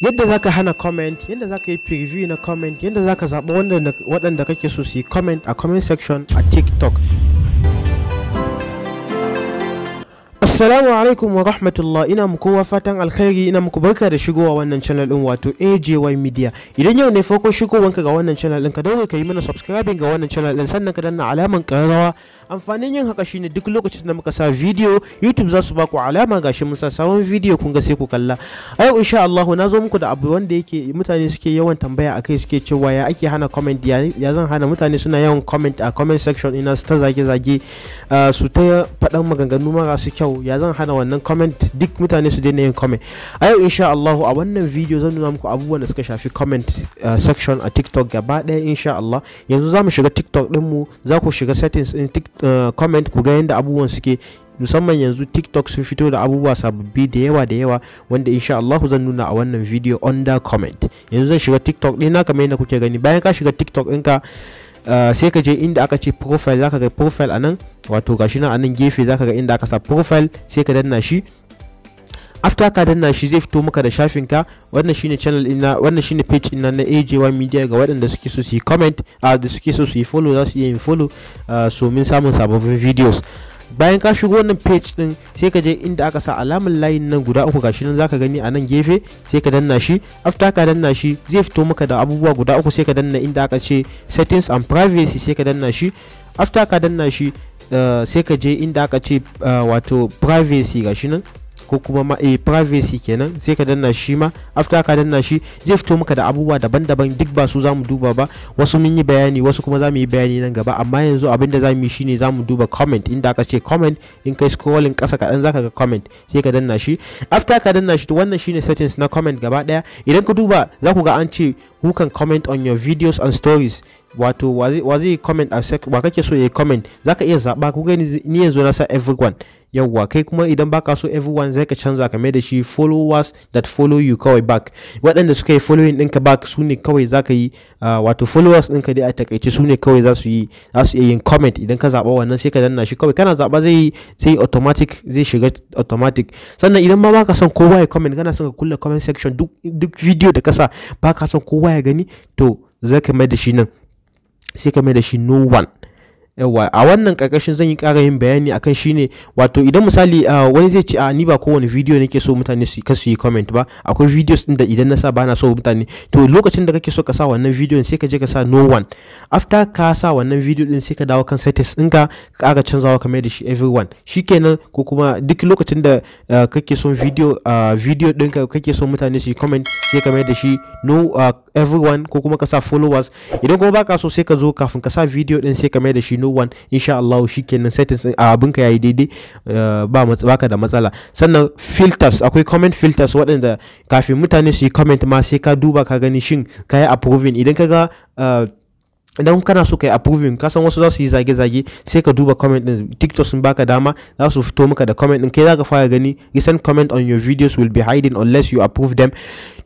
yadda za ka hana comment yadda za ka yi preview na comment yadda za ka zaɓa waɗanda kake so su yi comment a comment section a tiktok Assalamu alaikum wa rahmatullah ina muku wa fatan alkhairi ina muku barka da shigowa wannan channel din wato AJY Media idan yau ne farko ka ga wannan channel din ka dauke ka yi mana subscribing ga wannan channel din sannan ka danna alaman karawa amfanin yin haka shine duk lokacin da muka sa video YouTube za su baku alama gashi mun sa sabon video kun ga sai ku kalla a yau insha Allah na zo muku da abu wanda yake mutane suke yawan tambaya akai suke cewa ya ake hana comment ya, zan hana mutane suna yawan comment a comment section ina su ta zage zage ah, su ta faɗan maganganu su kyau ya zan hana wannan comment duk mutane su daina yin comment a yau insha Allah a wannan video zan nuna muku abubuwan da suka shafi comment uh, section a TikTok gaba ɗaya insha Allah yanzu za mu shiga TikTok din mu za ku shiga settings din uh, comment ku ga yanda abubuwan suke musamman yanzu TikTok sun fito da abubuwa sababbi da yawa da yawa wanda insha Allah zan nuna a wannan video under comment yanzu zan shiga TikTok din na kamar yadda kuke gani bayan ka shiga TikTok ɗinka Eh, sai ka je inda aka ce profile zaka ga profile anan wato gashi nan anan gefe zaka ga inda aka sa profile sai ka danna shi after ka danna shi zai fito maka da shafin ka wannan shine channel ina wannan shine page ina na AJ1 Media ga waɗanda suke so su yi comment ah, da suke so su yi follow za su iya yin follow so ah, min samun sababbin videos bayan ka shigo wannan page din sai ka je inda aka sa alamar layin nan guda uku gashi nan zaka gani a nan gefe sai ka danna shi after ka danna shi zai fito maka da abubuwa guda uku sai ka danna inda aka ce settings and privacy sai ka danna shi after ka danna shi eh, sai ka je inda aka ce eh, wato privacy gashi nan ko kuma ma eh privacy kenan sai ka danna shi ma after ka danna shi zai fito maka da abubuwa daban-daban duk ba su zamu duba ba wasu mun yi bayani wasu kuma zamu yi bayani nan gaba amma yanzu abin da zamu yi shine zamu duba comment inda aka ce comment in kai scrolling kasa kaɗan zaka ga comment sai ka danna shi after ka danna shi to wannan shine settings na comment gaba daya idan ka duba za ku ga an ce who can comment on your videos and stories wato wa zai comment a sec wa kake so ya comment zaka iya zaba ku gani ni yanzu na sa everyone yawwa kai kuma idan baka so everyone zai ka canza ka mai da shi followers that follow you kawai back waɗanda suka yi following ɗinka back su ne kawai za ka yi ah, wato followers ɗinka dai a takaice su ne kawai za su yi za su iya yin comment idan ka zaɓa wannan sai ka danna shi kawai kana zaɓa zai sai automatic zai shiga automatic sannan idan ma baka son kowa ya comment kana son ka kulle comment section duk duk video da kasa baka son kowa ya gani to zai ka mai da shi nan sai ka mai da shi no one yawa a wannan karkashin zan yi ƙara yin bayani akan shine wato idan misali wani zai ce a ni ba kowane video nake so mutane su kasu yi comment ba akwai videos din da idan na sa bana so mutane to lokacin da kake so ka sa wannan video sai ka je ka sa no one after ka sa wannan video din sai ka dawo kan settings din ka ƙara canzawa kamar da shi everyone shikenan ko kuma duk lokacin da kake son video video ka kake so mutane su yi comment sai ka mai da shi no everyone ko kuma ka sa followers idan kuma baka so sai ka zo kafin ka sa video din sai ka mai da shi no one insha Allah shikenan settings eh, a ka yayi daidai eh, ba baka da matsala sannan filters akwai comment filters waɗanda kafin mutane su yi comment ma sai ka duba ka gani shin ka approving idan ka ga eh, idan kana so kai approving ka san wasu za su yi zage-zage sai ka duba comment din tiktok sun baka dama za su fito maka da comment din kai za ka fara gani recent comment on your videos will be hiding unless you approve them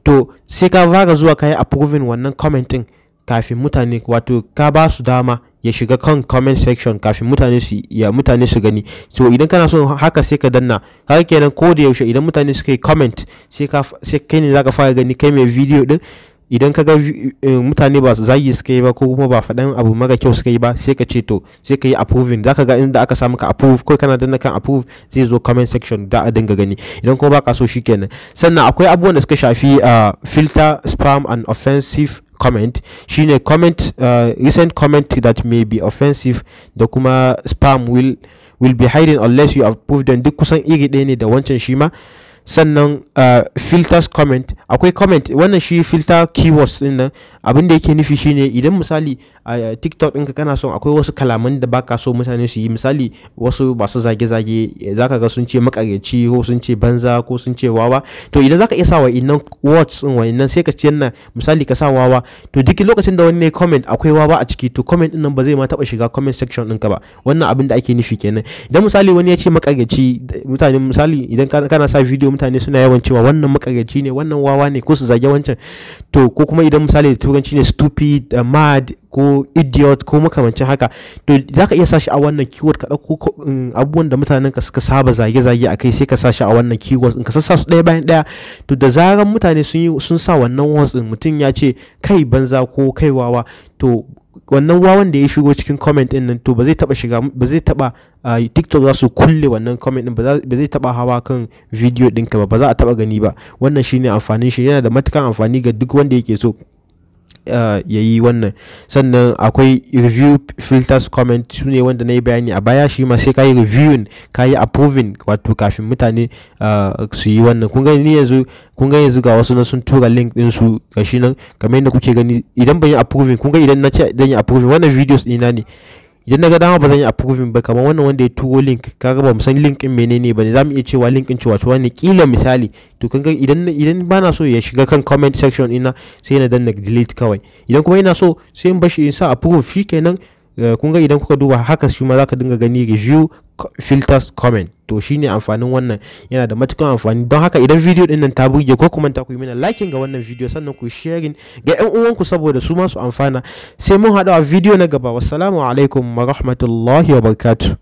to sai ka fara zuwa ka yi approving wannan comment din kafin mutane wato ka ba su dama ya shiga kan comment section kafin mutane su ya mutane su gani so idan kana so haka sai ka danna haka kenan ko da yaushe idan mutane suka yi comment sai ka sai kai ne zaka fara gani kai mai video din idan ka ga eh, mutane ba zagi suka yi ba ko kuma ba faɗan abu mara kyau suka yi ba sai ka ce to sai ka yi approving zaka ga inda aka samu ka approve ko kana danna kan approve zai zo comment section da a dinga gani idan kuma baka so shikenan sannan akwai abubuwan da suka shafi ah, filter spam and offensive comment shine comment uh, recent comment that may be offensive da kuma spam will will be hiding unless you have proved them duk kusan iri ɗaya ne da wancan shi ma sannan uh, filters comment akwai comment wannan shi filter keywords din nan abin da yake nufi shine idan misali a uh, tiktok ɗinka kana son akwai wasu kalaman da baka so mutane su yi misali wasu masu zage-zage zaka ga sun ce makagaci ko sun ce banza ko sun ce wawa to idan zaka iya sa inan words din wa'innan sai ka ce na misali ka sa wawa to duk lokacin da wani ne comment akwai wawa a ciki to comment din nan ba zai ma taba shiga comment section ɗinka ba wannan abin da ake nufi kenan idan misali wani ya ce makagaci mutane misali idan kana sa video mutane suna yawan cewa wannan makagaci ne wannan wawa ne ko su zage wancan to ko kuma idan misali da turanci ne stupid uh, mad ko idiot ko makamancin haka to za ka iya sashi a wannan keyword ka ɗauko um, abubuwan da mutanen ka suka saba zage-zage a kai sai ka sashi a wannan keyword in ka sassa su ɗaya bayan ɗaya to da zaran mutane sun sa wannan words din mutum ya ce kai banza ko kai wawa to wannan wawan da ya shigo cikin comment din nan to ba zai taba shiga ba zai taba ah, TikTok za su kulle wannan comment din ba zai taba hawa kan video dinka ba ba za a taba gani ba wannan shine amfanin shi yana da matukan amfani ga duk wanda yake so ya yi wannan sannan akwai review filters comment su ne wanda na yi bayani a baya shi ma sai ka yi reviewing ka yi approving wato kafin mutane su yi wannan kun gani yanzu kun ga yanzu ga wasu na sun tura link din su gashi nan kamar yadda kuke gani idan ban yi approving kun ga idan na ce zan yi approving wannan videos ɗina ne idan na ga dama ba zan yi approving ba kamar wannan wanda ya turo link kaga ba mu san link din menene ba ne zamu iya cewa link din cewa wani ne kila misali to kaga idan idan bana so ya shiga kan comment section ina sai na danna delete kawai idan kuma ina so sai in bashi in sa approve shikenan Eh, kun ga idan kuka duba haka shi ma zaka dinga gani review filters comment to shine amfanin wannan yana da matukar amfani don haka idan video din nan ta burge ko kuma ta ku yi mana liking ga wannan video sannan ku sharing ga yan uwanku saboda su ma su amfana sai mun haɗu a video na gaba wassalamu alaikum wa rahmatullahi wa barakatuh